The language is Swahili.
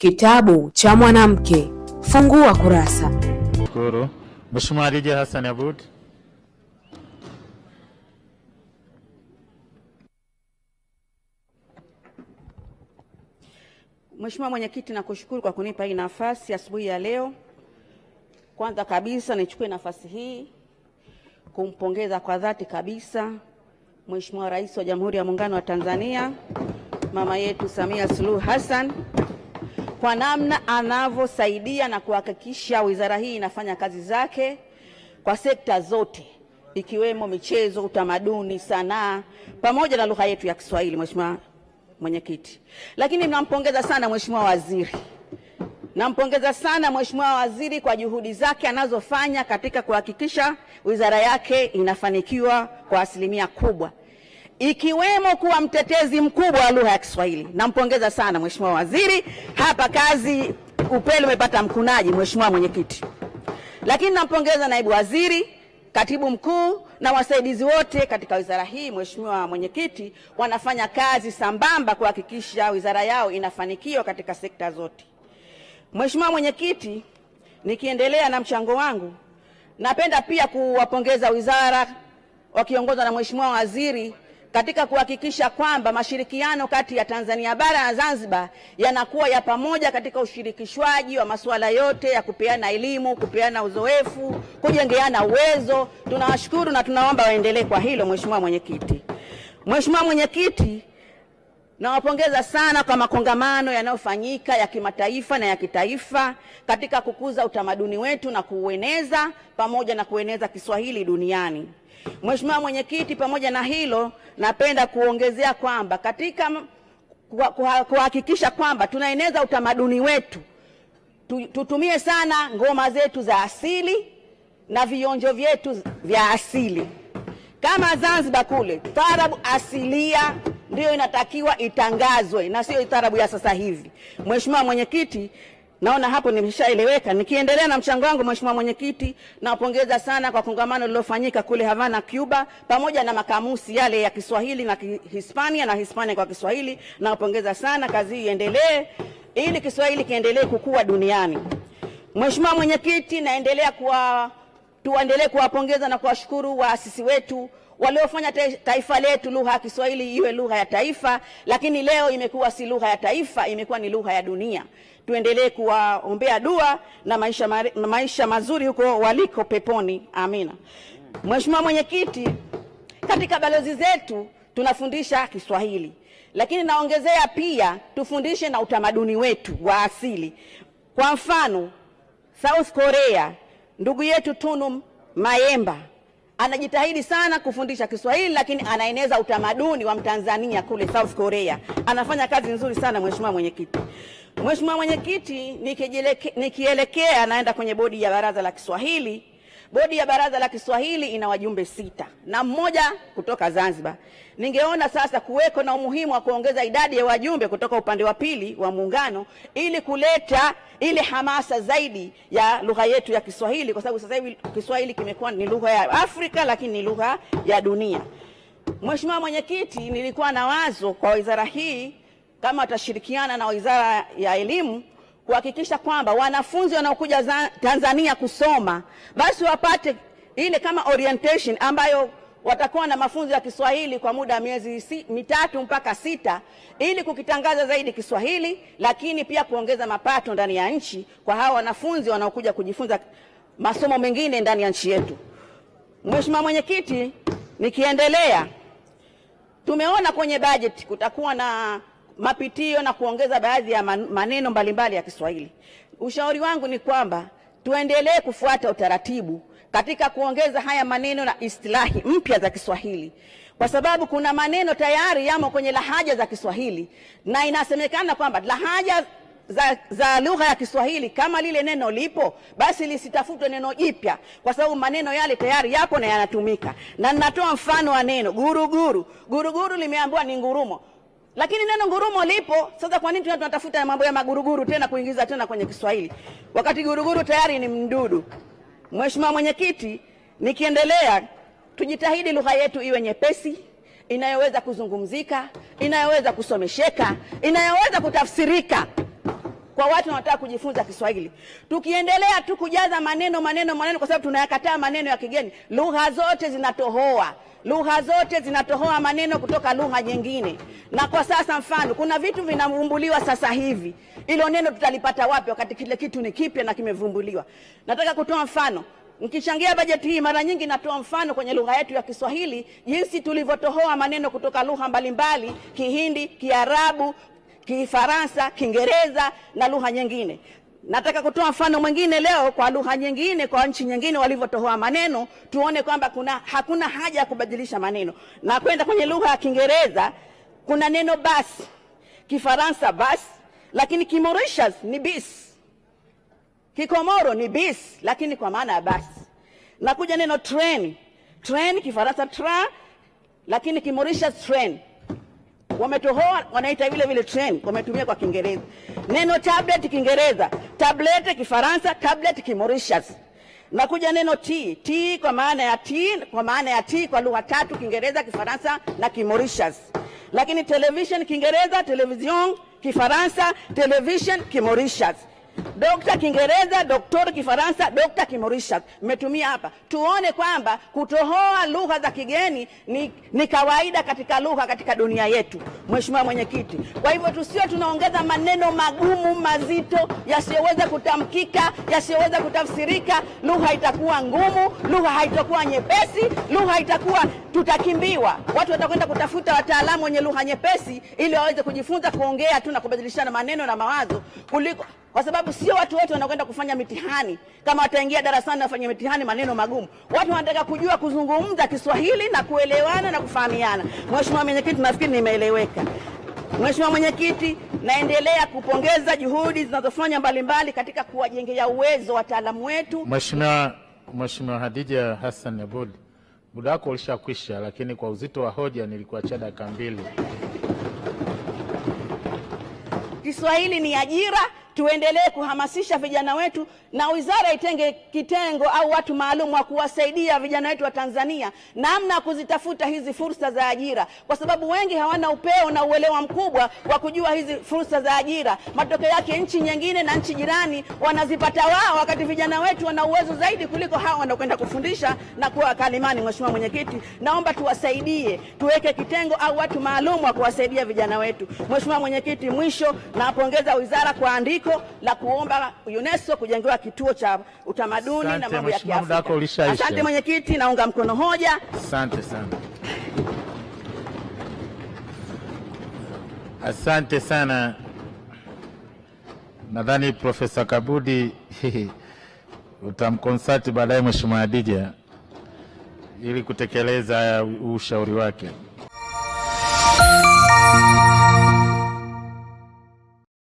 Kitabu cha mwanamke fungua kurasa. Shukuru. Mheshimiwa Adija Hassan Abud. Mheshimiwa Mwenyekiti, nakushukuru kwa kunipa hii nafasi asubuhi ya, ya leo. Kwanza kabisa nichukue nafasi hii kumpongeza kwa dhati kabisa Mheshimiwa Rais wa Jamhuri ya Muungano wa Tanzania mama yetu Samia Suluhu Hassan kwa namna anavyosaidia na kuhakikisha wizara hii inafanya kazi zake kwa sekta zote ikiwemo michezo, utamaduni, sanaa pamoja na lugha yetu ya Kiswahili. Mheshimiwa Mwenyekiti, lakini nampongeza sana Mheshimiwa Waziri, nampongeza sana Mheshimiwa Waziri kwa juhudi zake anazofanya katika kuhakikisha wizara yake inafanikiwa kwa asilimia kubwa ikiwemo kuwa mtetezi mkubwa wa lugha ya Kiswahili. Nampongeza sana Mheshimiwa Waziri, hapa kazi upele umepata mkunaji, Mheshimiwa Mwenyekiti. Lakini nampongeza Naibu Waziri, Katibu Mkuu na wasaidizi wote katika wizara hii, Mheshimiwa Mwenyekiti, wanafanya kazi sambamba kuhakikisha wizara yao inafanikiwa katika sekta zote. Mheshimiwa Mwenyekiti, nikiendelea na mchango wangu, napenda pia kuwapongeza wizara wakiongozwa na Mheshimiwa Waziri katika kuhakikisha kwamba mashirikiano kati ya Tanzania bara na Zanzibar yanakuwa ya pamoja katika ushirikishwaji wa masuala yote ya kupeana elimu, kupeana uzoefu, kujengeana uwezo. Tunawashukuru na tunaomba waendelee kwa hilo, Mheshimiwa Mwenyekiti. Mheshimiwa Mwenyekiti, Nawapongeza sana kwa makongamano yanayofanyika ya kimataifa na ya kitaifa katika kukuza utamaduni wetu na kuueneza pamoja na kueneza Kiswahili duniani. Mheshimiwa Mwenyekiti, pamoja na hilo, napenda kuongezea kwamba katika kuhakikisha kwamba tunaeneza utamaduni wetu, tutumie sana ngoma zetu za asili na vionjo vyetu vya asili. Kama Zanzibar kule, taarabu asilia ndiyo inatakiwa itangazwe na sio itarabu ya sasa hivi. Mheshimiwa Mwenyekiti, naona hapo nimeshaeleweka. Nikiendelea na mchango wangu, Mheshimiwa Mwenyekiti, nawapongeza sana kwa kongamano lililofanyika kule Havana, Cuba, pamoja na makamusi yale ya Kiswahili na Kihispania na Hispania kwa Kiswahili. Nawapongeza sana, kazi hii iendelee ili Kiswahili kiendelee kukua duniani. Mheshimiwa Mwenyekiti, naendelea kuwa tuendelee kuwapongeza na kuwashukuru waasisi wetu waliofanya taifa letu lugha ya Kiswahili iwe lugha ya taifa, lakini leo imekuwa si lugha ya taifa, imekuwa ni lugha ya dunia. Tuendelee kuwaombea dua na maisha, ma maisha mazuri huko waliko peponi. Amina. Mheshimiwa Mwenyekiti, katika balozi zetu tunafundisha Kiswahili, lakini naongezea pia tufundishe na utamaduni wetu wa asili. Kwa mfano South Korea, ndugu yetu Tunum Mayemba anajitahidi sana kufundisha Kiswahili, lakini anaeneza utamaduni wa Mtanzania kule South Korea. Anafanya kazi nzuri sana Mheshimiwa Mwenyekiti. Mheshimiwa Mwenyekiti, nikielekea naenda kwenye bodi ya baraza la Kiswahili Bodi ya Baraza la Kiswahili ina wajumbe sita na mmoja kutoka Zanzibar. Ningeona sasa kuweko na umuhimu wa kuongeza idadi ya wajumbe kutoka upande wa pili wa muungano ili kuleta ile hamasa zaidi ya lugha yetu ya Kiswahili, kwa sababu sasa hivi Kiswahili kimekuwa ni lugha ya Afrika, lakini ni lugha ya dunia. Mheshimiwa Mwenyekiti, nilikuwa na wazo kwa wizara hii kama atashirikiana na wizara ya elimu kuhakikisha kwamba wanafunzi wanaokuja Tanzania kusoma basi wapate ile kama orientation ambayo watakuwa na mafunzo ya Kiswahili kwa muda wa miezi si, mitatu mpaka sita ili kukitangaza zaidi Kiswahili, lakini pia kuongeza mapato ndani ya nchi kwa hawa wanafunzi wanaokuja kujifunza masomo mengine ndani ya nchi yetu. Mheshimiwa Mwenyekiti, nikiendelea, tumeona kwenye bajeti kutakuwa na mapitio na kuongeza baadhi ya maneno mbalimbali ya Kiswahili. Ushauri wangu ni kwamba tuendelee kufuata utaratibu katika kuongeza haya maneno na istilahi mpya za Kiswahili, kwa sababu kuna maneno tayari yamo kwenye lahaja za Kiswahili na inasemekana kwamba lahaja za, za lugha ya Kiswahili kama lile neno lipo basi lisitafutwe neno jipya, kwa sababu maneno yale tayari yapo na yanatumika. Na ninatoa mfano wa neno guruguru. Guruguru limeambiwa ni ngurumo. Lakini neno ngurumo lipo. Sasa kwa nini tunatafuta mambo ya maguruguru tena kuingiza tena kwenye Kiswahili wakati guruguru tayari ni mdudu? Mheshimiwa Mwenyekiti, nikiendelea, tujitahidi lugha yetu iwe nyepesi, inayoweza kuzungumzika, inayoweza kusomesheka, inayoweza kutafsirika kwa watu wanataka kujifunza Kiswahili. Tukiendelea tu kujaza maneno maneno maneno, kwa sababu tunayakataa maneno ya kigeni, lugha zote zinatohoa. Lugha zote zinatohoa maneno kutoka lugha nyingine, na kwa sasa mfano, kuna vitu vinavumbuliwa sasa hivi, ilo neno tutalipata wapi wakati kile kitu ni kipya na kimevumbuliwa? Nataka kutoa mfano nikichangia bajeti hii, mara nyingi natoa mfano kwenye lugha yetu ya Kiswahili, jinsi tulivyotohoa maneno kutoka lugha mbalimbali: Kihindi, Kiarabu, Kifaransa, Kiingereza na lugha nyingine. Nataka kutoa mfano mwingine leo kwa lugha nyingine, kwa nchi nyingine walivyotoa maneno, tuone kwamba kuna hakuna haja ya kubadilisha maneno na kwenda kwenye lugha ya Kiingereza. Kuna neno bus, Kifaransa bus, lakini Kimorisha ni bis, Kikomoro ni bis, lakini kwa maana ya basi. Nakuja neno train, train Kifaransa tra, lakini Kimorisha train wametohoa, wanaita vile vile train, wametumia kwa Kiingereza neno tablet Kiingereza, tablet Kifaransa, tablet Kimorishaus. Nakuja neno t ti kwa maana ya t kwa maana ya ti kwa lugha tatu Kiingereza, Kifaransa na Kimorishas. Lakini television Kiingereza, television Kifaransa, television Kimorishas. Dokta Kiingereza, doktori Kifaransa, dokta Kimorisha mmetumia hapa, tuone kwamba kutohoa lugha za kigeni ni, ni kawaida katika lugha katika dunia yetu, Mheshimiwa Mwenyekiti. Kwa hivyo tusio tunaongeza maneno magumu mazito yasiyoweza kutamkika, yasiyoweza kutafsirika. Lugha itakuwa ngumu, lugha haitakuwa nyepesi, lugha itakuwa tutakimbiwa, watu watakwenda kutafuta wataalamu wenye lugha nyepesi ili waweze kujifunza kuongea tu na kubadilishana maneno na mawazo kuliko kwa sababu sio watu wote wanakwenda kufanya mitihani. Kama wataingia darasani wafanye mitihani maneno magumu, watu wanataka kujua kuzungumza Kiswahili na kuelewana na kufahamiana. Mheshimiwa Mwenyekiti, nafikiri nimeeleweka. Mheshimiwa Mwenyekiti, naendelea kupongeza juhudi zinazofanywa mbalimbali katika kuwajengea uwezo wataalamu wetu. Mheshimiwa Mheshimiwa Hadija Hassan Abud, muda wako ulishakwisha, lakini kwa uzito wa hoja nilikuachia dakika mbili. Kiswahili ni ajira tuendelee kuhamasisha vijana wetu na wizara itenge kitengo au watu maalum wa kuwasaidia vijana wetu wa Tanzania namna ya kuzitafuta hizi fursa za ajira, kwa sababu wengi hawana upeo na uelewa mkubwa wa kujua hizi fursa za ajira. Matokeo yake nchi nyingine na nchi jirani wanazipata wao, wakati vijana wetu wana uwezo zaidi kuliko hawa wanaokwenda kufundisha na kuwa kalimani. Mheshimiwa Mwenyekiti, naomba tuwasaidie, tuweke kitengo au watu maalum wa kuwasaidia vijana wetu. Mheshimiwa Mwenyekiti, mwisho napongeza wizara kwa andiko lako la kuomba UNESCO kujengewa kituo cha utamaduni sante, na mambo ya Kiafrika. Asante mwenyekiti, naunga mkono hoja. Asante sana. Asante sana. Nadhani Profesa Kabudi utamkonsati baadaye Mheshimiwa adija ili kutekeleza ushauri wake.